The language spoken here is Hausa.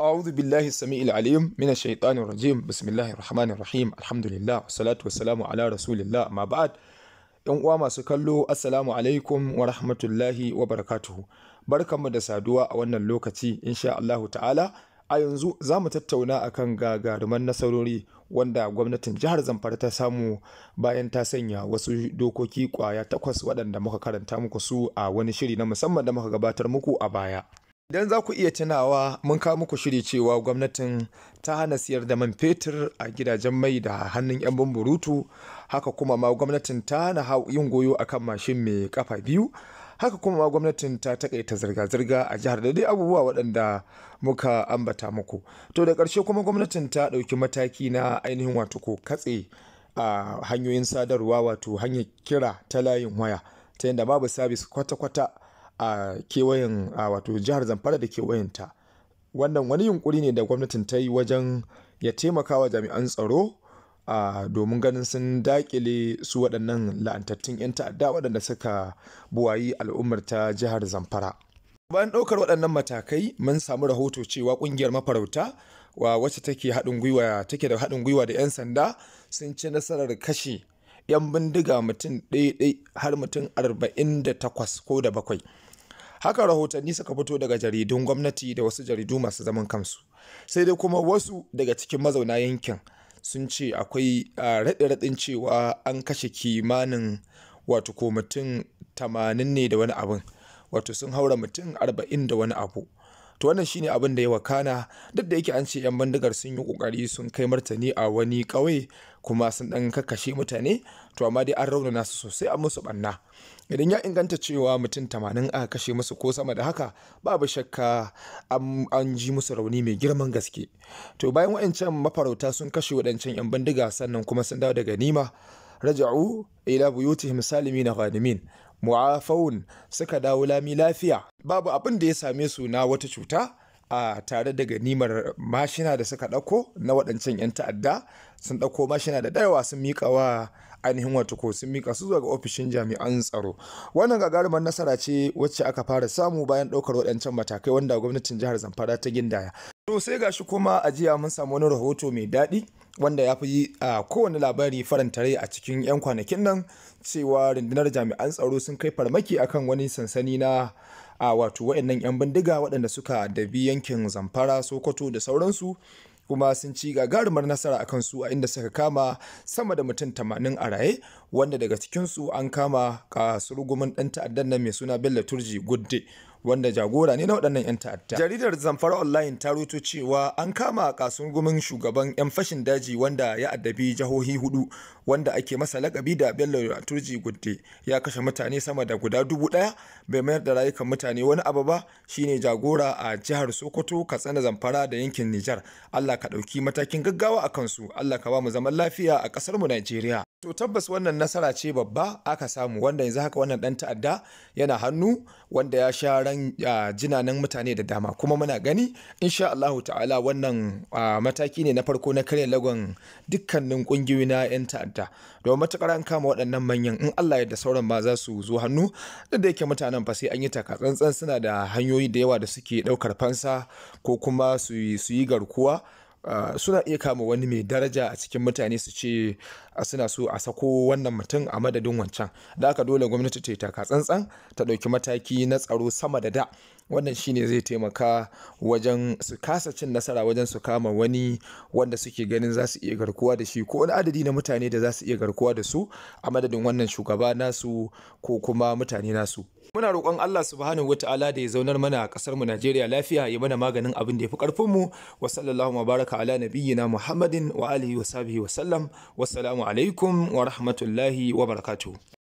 أعوذ بالله السميع العليم من الشيطان الرجيم بسم الله الرحمن الرحيم الحمد لله والصلاة والسلام على رسول الله ما بعد ‘Yan uwa masu kallo, Assalamu alaikum wa rahmatullahi wa barakatuhu, barkanmu da saduwa a wannan lokaci, insha Allahu ta'ala, a yanzu za mu tattauna akan gagaruman nasarori wanda gwamnatin jihar Zamfara ta samu bayan ta sanya wasu dokoki kwaya takwas waɗanda muka karanta muku su a wani shiri na musamman da muka gabatar muku a baya. Idan za ku iya tunawa mun kawo muku shiri cewa gwamnatin ta hana siyar da man fetur a gidajen mai da hannun 'yan bamburutu haka kuma ma gwamnatin ta hana yin goyo a kan mashin mai kafa biyu haka kuma ma gwamnatin ta takaita zirga-zirga a jihar da dai abubuwa waɗanda muka ambata muku to da ƙarshe kuma gwamnatin ta ɗauki mataki na ainihin wato ko katse a hanyoyin sadarwa wato hanyar kira ta layin waya ta yadda babu sabis kwata-kwata a kewayen a wato jihar zamfara da kewayenta wannan wani yunkuri ne da gwamnatin ta yi wajen ya taimaka wa jami'an tsaro a domin ganin sun dakile su waɗannan la'antattun 'yan ta'adda waɗanda suka buwayi al'ummar ta jihar zamfara bayan ɗaukar waɗannan matakai mun samu rahoto cewa ƙungiyar mafarauta wa wacce take haɗin gwiwa take da haɗin gwiwa da 'yan sanda sun ci nasarar kashe 'yan bindiga mutum ɗaya har mutum arba'in da takwas ko da bakwai haka rahotanni suka fito daga jaridun gwamnati da wasu jaridu masu zaman kansu sai dai kuma wasu daga cikin mazauna yankin sun ce akwai raɗe-raɗin cewa an kashe kimanin wato ko mutum tamanin ne da wani abin wato sun haura mutum arba'in da wani abu to wannan shine abin da ya wakana duk da yake an ce yan bandigar sun yi kokari sun kai martani a wani ƙauye kuma sun dan kakkashe mutane to amma dai an raunana su sosai a musu banna idan ya inganta cewa mutum tamanin aka kashe musu ko sama da haka babu shakka an ji musu rauni mai girman gaske to bayan waɗancan mafarauta sun kashe waɗancan 'yan bindiga sannan kuma sun dawo daga nima raja'u ila buyutihim salimin ghanimin mu'afawun suka dawo lami lafiya babu abin da ya same su na wata cuta a tare da ganimar mashina da suka ɗauko na waɗancan 'yan ta'adda sun ɗauko mashina da dayawa sun miƙa wa ainihin wata ko sun mika su zuwa ga ofishin jami'an tsaro wannan gagarumar nasara ce wacce aka fara samu bayan ɗaukar waɗancan matakai wanda gwamnatin jihar zamfara ta gindaya to sai gashi kuma a jiya mun samu wani rahoto mai daɗi wanda ya fi a kowane labari faranta rai a cikin 'yan kwanakin nan cewa rundunar jami'an tsaro sun kai farmaki akan wani sansani na a wato waɗannan 'yan bindiga waɗanda suka dabi yankin zamfara sokoto da sauransu kuma sun ci gagarumar nasara a kansu a inda suka kama sama da mutum 80 a raye wanda daga cikinsu an kama kasurgumin ɗan ta'addan nan mai suna bello turji gudde wanda jagora ne na waɗannan 'yan ta'adda. Jaridar Zamfara Online ta ruto cewa an kama kasungumin shugaban 'yan fashin daji wanda ya addabi jihohi hudu wanda ake masa lakabi da Bello Turji Gudde ya kashe mutane sama da guda dubu ɗaya bai mayar da rayukan mutane wani abu ba shine jagora a jihar Sokoto Katsina Zamfara da yankin Nijar. Allah ka ɗauki matakin gaggawa a kansu Allah ka ba mu zaman lafiya a ƙasar mu Najeriya. To tabbas wannan nasara ce babba aka samu wanda yanzu haka wannan dan ta'adda yana hannu wanda ya sha ran jinanan mutane da dama kuma muna gani insha Allah ta'ala wannan mataki ne na farko na karya lagon dukkanin kungiyoyi na yan ta'adda don matukar an kama waɗannan manyan in Allah ya da sauran ba za su zo hannu da yake mutanen fa sai an yi taka tsantsan suna da hanyoyi da yawa da suke ɗaukar fansa ko kuma su yi garkuwa suna iya kama wani mai daraja a cikin mutane su ce suna so a sako wannan mutum a madadin wancan da aka dole gwamnati ta taka tsantsan ta ɗauki mataki na tsaro sama da da wannan shine zai taimaka wajen su kasa cin nasara wajen su kama wani wanda suke ganin za su iya garkuwa da shi ko wani adadi na mutane da za su iya garkuwa da su a madadin wannan shugaba nasu ko kuma mutane nasu muna roƙon Allah subhanahu ta'ala da ya zaunar mana a ƙasar mu Najeriya lafiya ya mana maganin abin da ya fi ƙarfin mu wa sallallahu mabaraka ala nabiyyina Muhammadin wa alihi wa sahbihi wa sallam wassalamu alaikum wa rahmatullahi wa barakatuh